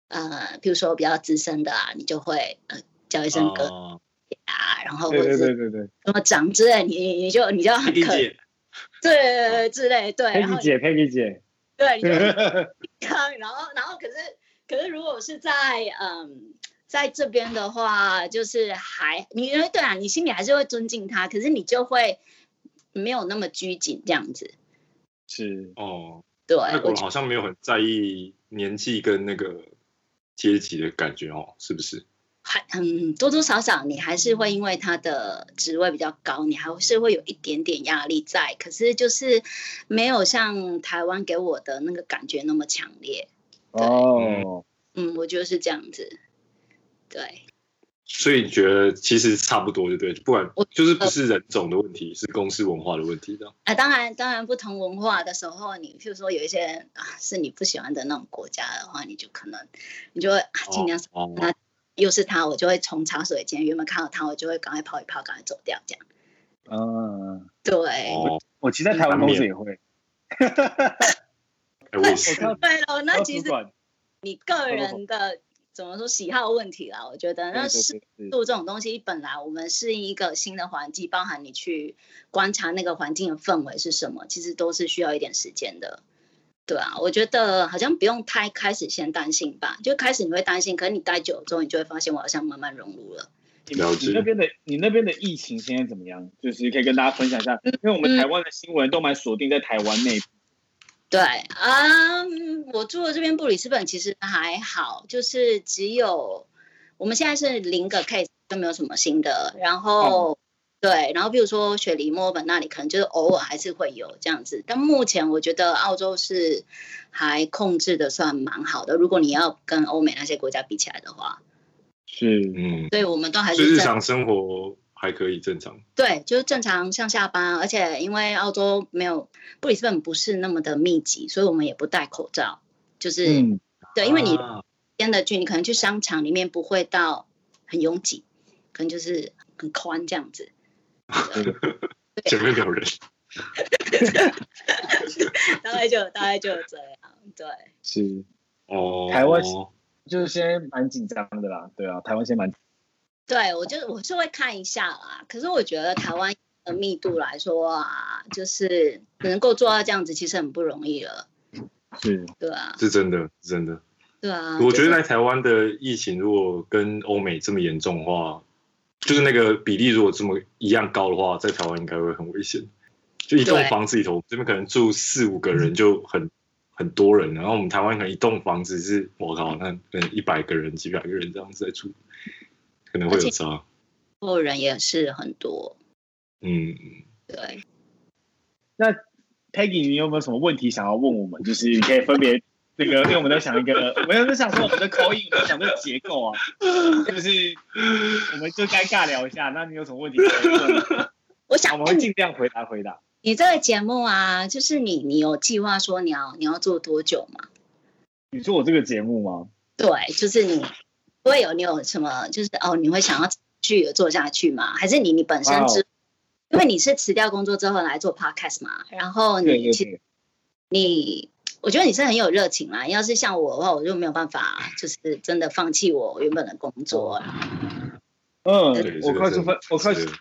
呃，譬如說比較資深的啊，你就會呃叫一聲哥啊，然後或者對對對對，什麼長之類，你就你就你就很可對，對,對之類，對佩姐佩姐。 [laughs] 對，健康，然後，然後，可是，可是，如果是在嗯，在這邊的話，就是還，你因為對啊，你心裡還是會尊敬他，可是你就會沒有那麼拘謹這樣子。是哦，對，我好像沒有很在意年紀跟那個階級的感覺哦，是不是？還嗯，多多少少你還是會因為他的職位比較高，你還是會有一點點壓力在。可是就是沒有像台灣給我的那個感覺那麼強烈。哦，oh. 嗯，我覺得是這樣子。對，所以你覺得其實差不多，就對，不管我就是不是人種的問題，我是公司文化的問題這樣。這、呃、當然，當然不同文化的時候，你譬如說有一些啊是你不喜歡的那種國家的話，你就可能你就會盡、啊、量少又是他，我就會從茶水間原本看到他，我就會趕快跑一跑，趕快走掉這樣。嗯、啊，對、哦，我其實在台灣公司也會。那哈哈哈對嘍，那其實你個人的怎麼說喜好問題啦。我覺得那適度這種東西，本來我們適應一個新的環境，包含你去觀察那個環境的氛圍是什麼，其實都是需要一點時間的。對啊，我覺得好像不用太開始先擔心吧，就開始你會擔心，可是你待久了之後，你就會發現我好像慢慢融入了。了解。你那邊的你那邊的疫情現在怎麼樣？就是可以跟大家分享一下，因為我們台灣的新聞都蠻鎖定在台灣那邊，嗯。對啊，嗯，我住的這邊布里斯本其實還好，就是只有我們現在是零個 case，都沒有什麼新的，然後。哦對，然後比如說雪梨、墨爾本那裡，可能就是偶爾還是會有這樣子。但目前我覺得澳洲是還控制得算蠻好的。如果你要跟歐美那些國家比起來的話，是嗯，對，我們都還是日常生活還可以正常。對，就是正常上下班，而且因為澳洲沒有布里斯本不是那麼的密集，所以我們也不戴口罩。就是、嗯、對，因為你這的去，啊、你可能去商場裡面不會到很擁擠，可能就是很寬這樣子。啊、前面有人，啊、 [laughs] [laughs] 大概就大概就這樣，對，是哦。台灣就是現在蠻緊張的啦，對啊，台灣現在蠻。對我就我是會看一下啦，可是我覺得台灣的密度來說啊，就是能夠做到這樣子，其實很不容易了。是，對啊是，是真的，真的，對啊。我覺得在台灣的疫情，如果跟歐美這麼嚴重的話。就是那個比例，如果這麼一樣高的話，在台灣應該會很危險。就一棟房子裡頭，對我們這邊可能住四五個人就很很多人，然後我們台灣可能一棟房子、就是，我靠，那一百個人、幾百個人這樣子在住，可能會有差。多人也是很多。嗯，對。那 Peggy，你有沒有什麼問題想要問我們？就是你可以分別。 [laughs] 這個，因為我們在想一個，沒有人想說我們的口音，我們想說結構啊，就是我們就該尬聊一下。那你有什麼問題？嗯、我想，我們會盡量回答回答。你這個節目啊，就是你，你有計劃說你要你要做多久嗎？你做我這個節目嗎？對，就是你會有你有什麼，就是哦，你會想要繼續做下去嗎？還是你你本身之、oh. 因為你是辭掉工作之後來做 podcast 嘛，然後你對對對你。我覺得你是很有熱情啦，要是像我的話，我就沒有辦法，就是真的放棄我原本的工作啊。嗯，對對我開始分，對我開始，這個對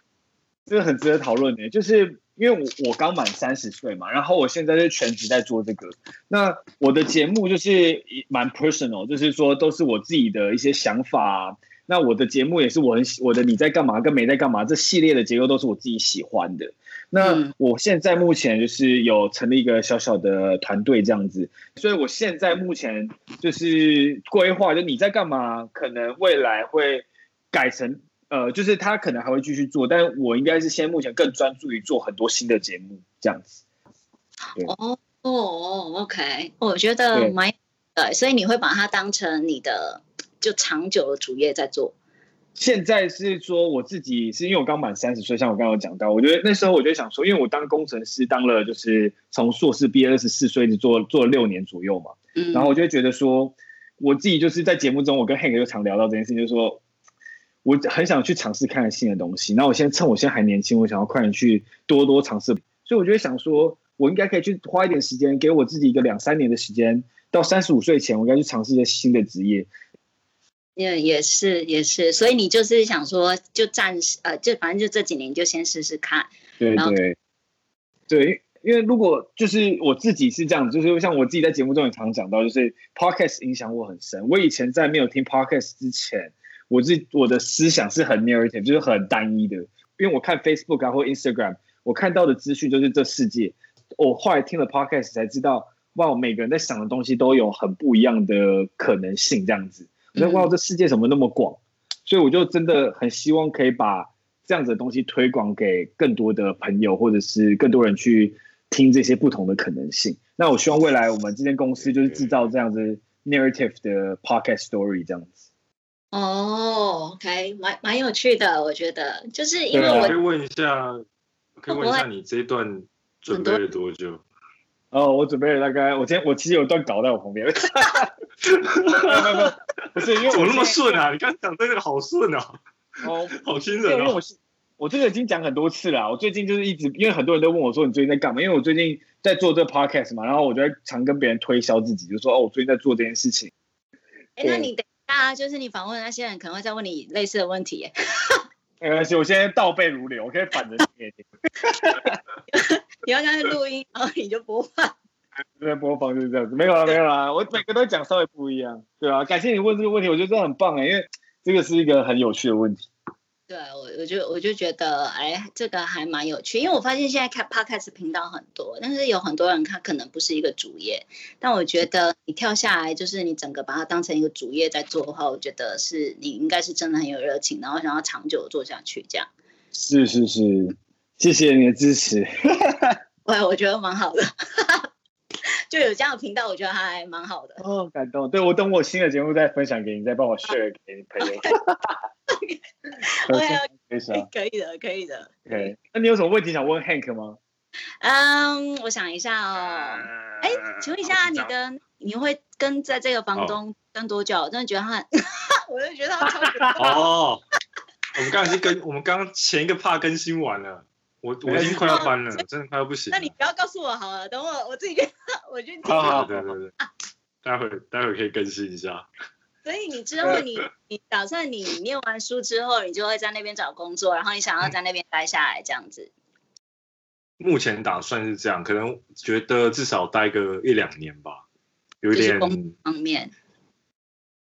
對很值得討論的，就是因為我我剛滿三十歲嘛，然後我現在是全職在做這個。那我的節目就是蠻 personal，就是說都是我自己的一些想法。那我的節目也是我很喜，我的你在幹嘛跟沒在幹嘛這系列的結構都是我自己喜歡的。那我現在目前就是有成立一個小小的團隊這樣子，所以我現在目前就是規劃，就你在幹嘛？可能未來會改成，呃，就是他可能還會繼續做，但我應該是現在目前更專注於做很多新的節目這樣子。哦哦、oh,，OK，我覺得對，所以你會把它當成你的就長久的主業在做。現在是說我自己是因為我剛滿三十歲，像我剛剛講到，我覺得那時候我就想說，因為我當工程師當了，就是從碩士畢業二十四歲，一直做做了六年左右嘛，然後我就覺得說，我自己就是在節目中，我跟 Hank 就常聊到這件事情，就是說我很想去嘗試看看新的東西，那我現在趁我現在還年輕，我想要快點去多多嘗試，所以我就想說，我應該可以去花一點時間，給我自己一個兩三年的時間，到三十五歲前，我應該去嘗試一個新的職業。也、yeah, 也是也是，所以你就是想說就，就暫時呃，就反正就這幾年就先試試看。對對對，因為如果就是我自己是這樣子，就是像我自己在節目中也常講到，就是 Podcast 影響我很深。我以前在沒有聽 Podcast 之前，我是我的思想是很 narrative，就是很單一的。因為我看 Facebook 啊或 Instagram，我看到的資訊就是這世界。我後來聽了 Podcast 才知道，哇、wow，每個人在想的東西都有很不一樣的可能性，這樣子。哇、哦，這世界怎麼那麼廣，所以我就真的很希望可以把這樣子的東西推廣給更多的朋友，或者是更多人去聽這些不同的可能性。那我希望未來我們這間公司就是製造這樣子 narrative 的 pocket story 這樣子。哦、oh，OK，蠻蠻有趣的，我覺得，就是因為我可以問一下，可以問一下你這一段準備了多久？哦，我準備了大概，我今天我其實有段稿在我旁邊， [laughs] [laughs] 不不，不是，因為我那麼順啊，接你剛講這個好順，啊、哦，哦，好心人啊，因為我我這個已經講很多次了，啊，我最近就是一直，因為很多人都問我說你最近在幹嘛，因為我最近在做這個 podcast 嘛，然後我就常跟別人推銷自己，就說哦，我最近在做這件事情。欸、我那你等一下，啊、就是你訪問那些人可能會再問你類似的問題，哎，沒關係，我現在倒背如流，我可以反着你。 [laughs] [laughs] 你要開始錄音，然後你就播放。在 [laughs] 播放就是這樣子，沒有啊，沒有啊。我每個都講稍微不一樣，對啊，感謝你問這個問題，我覺得這很棒哎，因為這個是一個很有趣的問題。對啊，我我就我就覺得哎，這個還蠻有趣，因為我發現現在開 Podcast 頻道很多，但是有很多人看可能不是一個主業，但我覺得你跳下來就是你整個把它當成一個主業在做的話，我覺得是你應該是真的很有熱情，然後想要長久的做下去這樣。是是是。謝謝你的支持，我覺得蠻好的，就有這樣的頻道，我覺得還蠻好的。哦，感動，對，我等我新的節目再分享給你，再幫我 share 給朋友。對，可以的，可以的。OK，那你有什麼問題想問 Hank 嗎？嗯，我想一下哦。哎，請問一下，你跟，你會跟在這個房東跟多久？我真的覺得他，我就覺得他超級棒。哦，我們剛剛是跟我們剛剛前一個 part 更新完了。我我已經快要搬了，真的快要不行。那你不要告訴我好了，等我，我自己覺得，我就聽。好好好，對對對，待會兒待會兒可以更新一下。所以你之後你 [laughs] 你打算你念完書之後，你就會在那邊找工作，然後你想要在那邊待下來這樣子，嗯。目前打算是這樣，可能覺得至少待個一兩年吧，有一點。方面。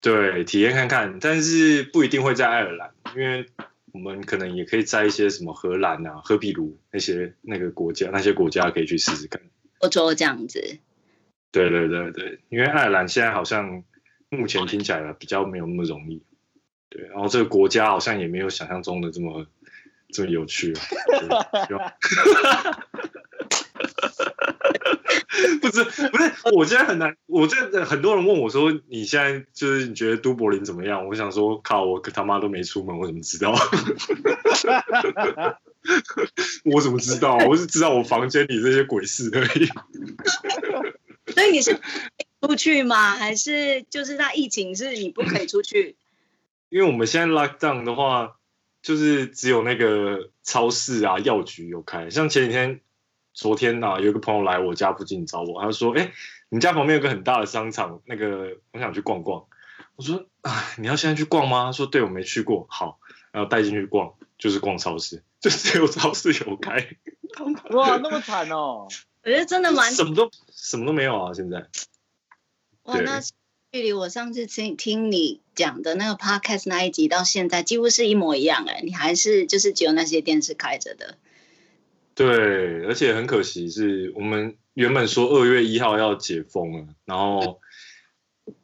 對，體驗看看，但是不一定會在愛爾蘭，因為。我們可能也可以在一些什麼荷蘭啊、荷比盧那些那個國家，那些國家可以去試試看。我做過這樣子。對對對對，因為愛爾蘭現在好像目前聽起來比較沒有那麼容易。對，然後這個國家好像也沒有想象中的這麼這麼有趣啊。 [laughs] [laughs] [laughs] 不是，不是，我現在很難。我現在很多人問我說：“你現在就是你覺得都柏林怎麼樣？”我想說：“靠，我他媽都沒出門，我怎麼知道？ [laughs] 我怎麼知道？我是知道我房間裡這些鬼事而已。”所以你是出去嗎？還是就是在疫情是你不可以出去？因為我們現在 lockdown 的話，就是只有那個超市啊、藥局有開。像前幾天。昨天吶、啊，有一個朋友來我家附近找我，他說：“哎、欸，你家旁邊有個很大的商場，那個我想去逛逛。”我說：“啊，你要現在去逛嗎？”他說：“對，我沒去過。”好，然後帶進去逛，就是逛超市，就只有超市有開。哇，那麼慘哦！ [laughs] 我覺得真的蠻……什麼都什麼都沒有啊！現在哇，那是距離我上次聽聽你講的那個 podcast 那一集到現在，幾乎是一模一樣哎，你還是就是只有那些電視開着的。對，而且很可惜是我們原本說二月一號要解封了，然後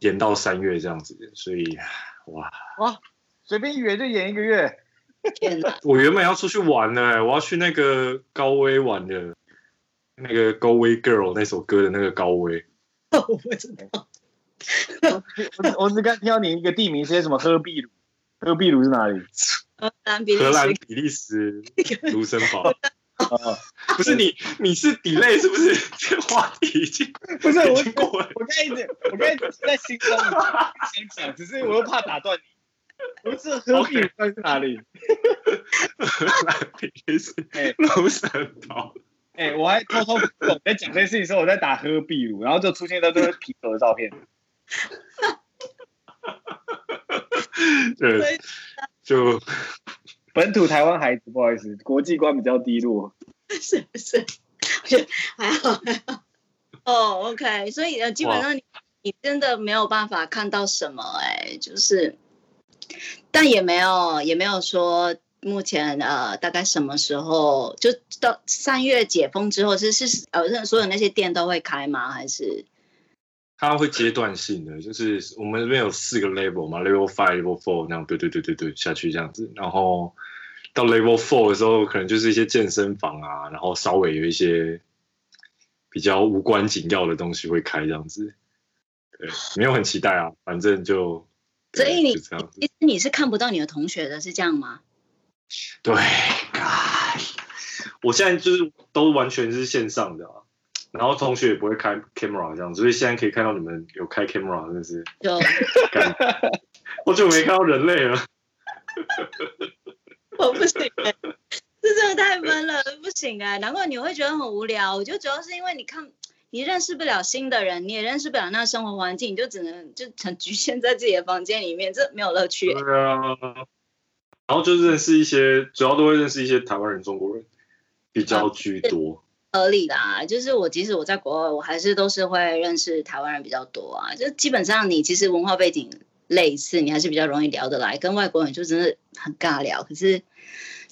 延到三月這樣子，所以哇哇，隨便延就延一個月。所以 [laughs] 我原本要出去玩的，我要去那個高威玩的，那個高威 girl 那首歌的那個高威。哦、我是 [laughs] 只，只剛聽到你一個地名是什麼鶴壁魯？鶴壁魯是哪裡？荷蘭比利時，荷蘭比利時盧森堡。 [laughs] 啊、哦，不是你，你是 delay 是不是？這話題已經 [laughs] 不是我，我一直，我剛才，我剛才在心中想， [laughs] 想想，只是我又怕打斷你。不是，何必如在哪裡？Okay. [laughs] [laughs] 是哎、欸欸，我還偷偷我們在講這件事情的時候，我在打何必如，然後就出現在這個啤酒的照片。 [laughs] [laughs] 對，就。本土台灣孩子，不好意思，國際觀比較低落。是是，還好還好。哦、oh，OK，所以呃，基本上你哇你真的沒有辦法看到什麼哎、欸，就是，但也沒有也沒有說目前呃大概什麼時候就到三月解封之後是是呃，讓所有那些店都會開嗎？還是？它會階段性的，就是我們這邊有四個 level 嘛 [music] ，level five、level four 那樣，對對對對對下去這樣子，然後到 level four 的時候，可能就是一些健身房啊，然後稍微有一些比較無關緊要的東西會開這樣子，對，沒有很期待啊，反正就所以你這樣子，其實你是看不到你的同學的，是這樣嗎？對，God, 我現在就是都完全是線上的啊。然後同學也不會開 camera 這樣子，所以現在可以看到你們有開 camera，真的是有，好久沒看到人類了， [laughs] 我不行、欸，這真的太悶了，不行哎、欸，難怪你會覺得很無聊。我覺得主要是因為你看，你認識不了新的人，你也認識不了那生活環境，你就只能就很局限在自己的房間裡面，這沒有樂趣、欸。對啊，然後就認識一些，主要都會認識一些台灣人、中國人比較居多。啊合理啦、啊，就是我即使我在國外，我還是都是會認識台灣人比較多啊。就基本上你其實文化背景類似，你還是比較容易聊得來。跟外國人就真的很尬聊。可是，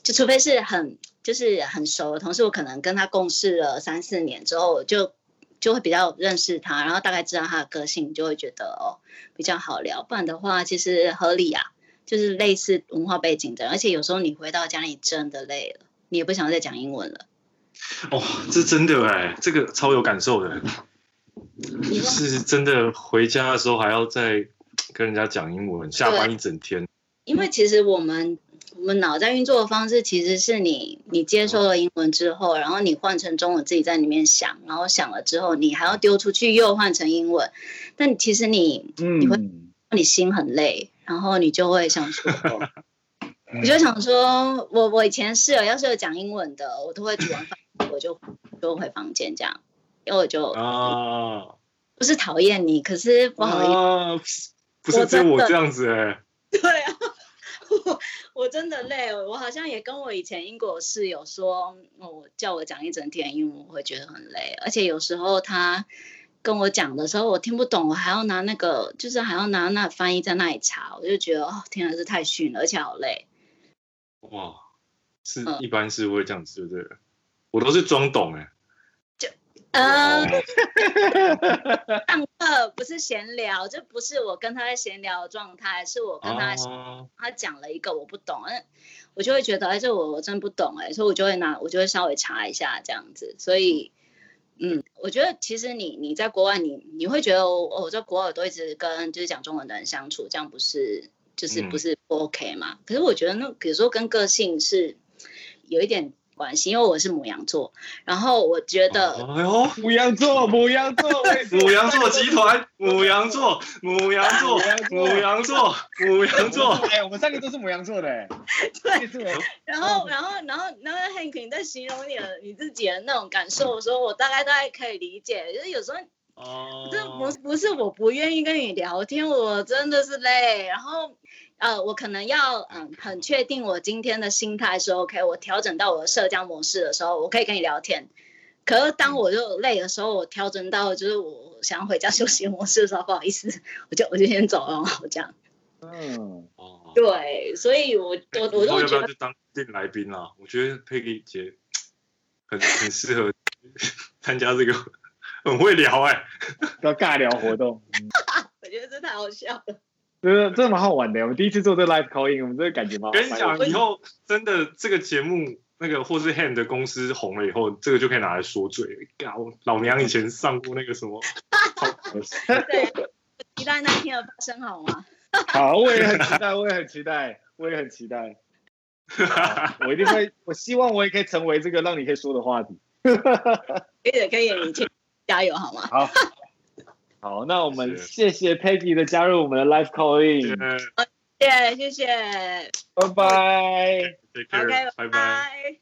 就除非是很就是很熟的同事，我可能跟他共事了三四年之後，我就就會比較認識他，然後大概知道他的個性，就會覺得哦比較好聊。不然的話，其實合理啊，就是類似文化背景的。而且有時候你回到家裡真的累了，你也不想再講英文了。哦，這是真的哎，這個超有感受的，你問是真的。回家的時候還要再跟人家講英文，對下班一整天。因為其實我們我們腦在運作的方式，其實是你你接收了英文之後，然後你換成中文自己在裡面想，然後想了之後，你還要丟出去又換成英文。但其實你、嗯、你會你心很累，然後你就會想說， [laughs] 我就想說我我以前室友要是有講英文的，我都會煮完飯。 [laughs] 我就就回房間這樣，因為我就啊，哦、不是討厭你，可是不好意思，哦、不是對我這樣子哎、欸，對啊，我我真的累，我好像也跟我以前英國室友說，我叫我講一整天英文，我會覺得很累，而且有時候他跟我講的時候，我聽不懂，我還要拿那個，就是還要拿那翻譯在那裡查，我就覺得哦，天啊，這太遜了，而且好累。哇，是、嗯、一般是會這樣子對不對？我都是裝懂，哎、欸，就呃、哦、 [laughs] 上課不是閒聊，就不是我跟他在閒聊的狀態，是我跟他、哦、他講了一個我不懂，我就會覺得哎，這我我真不懂哎、欸，所以我就會拿我就會稍微查一下這樣子，所以嗯，嗯我覺得其實你你在國外你，你你會覺得、哦、我在國外我都一直跟就是講中文的人相處，這樣不是就是不是不 OK 嗎？嗯、可是我覺得那有時候跟個性是有一點。關係，因為我是牡羊座，然後我覺得，哎呦，牡羊座，牡羊座，牡羊座集團，牡羊座，牡羊座，牡羊座，牡羊座，哎，我們三個都是牡羊座的，對。然後，然後，然後，那個，Hank 在形容你的你自己的那種感受的時候，我大概大概可以理解，就是有時候，哦，這不是不是我不願意跟你聊天，我真的是累，然後。呃，我可能要嗯，很確定我今天的心態是 OK，我調整到我的社交模式的時候，我可以跟你聊天。可是當我就累的時候，我調整到就是我想要回家休息模式的時候，不好意思，我就我就先走了，我這樣。嗯哦。對，所以我、欸、我我都。要不要去當定來賓啊？我覺得佩麗姐很很適合參加這個， [laughs] 很會聊哎、欸，要 [laughs] 尬聊活動。嗯、 [laughs] 我覺得這太好笑了。這這蠻好玩的，我們第一次做這 live call-in，我們這個感覺蠻好玩。跟你講，以後真的這個節目那個或是 hand 的公司紅了以後，這個就可以拿來說嘴。我、哎、老娘以前上過那個什麼。對，期待那天的發生，好嗎？好，我也很期待，我也很期待，我也很期待。 [laughs] 我一定會，我希望我也可以成為這個讓你可以說的話題。哈哈哈可以，可以，你去加油好嗎？好。好，那我們謝謝佩 y 的加入我們的 live call in，謝謝謝謝，拜拜拜拜。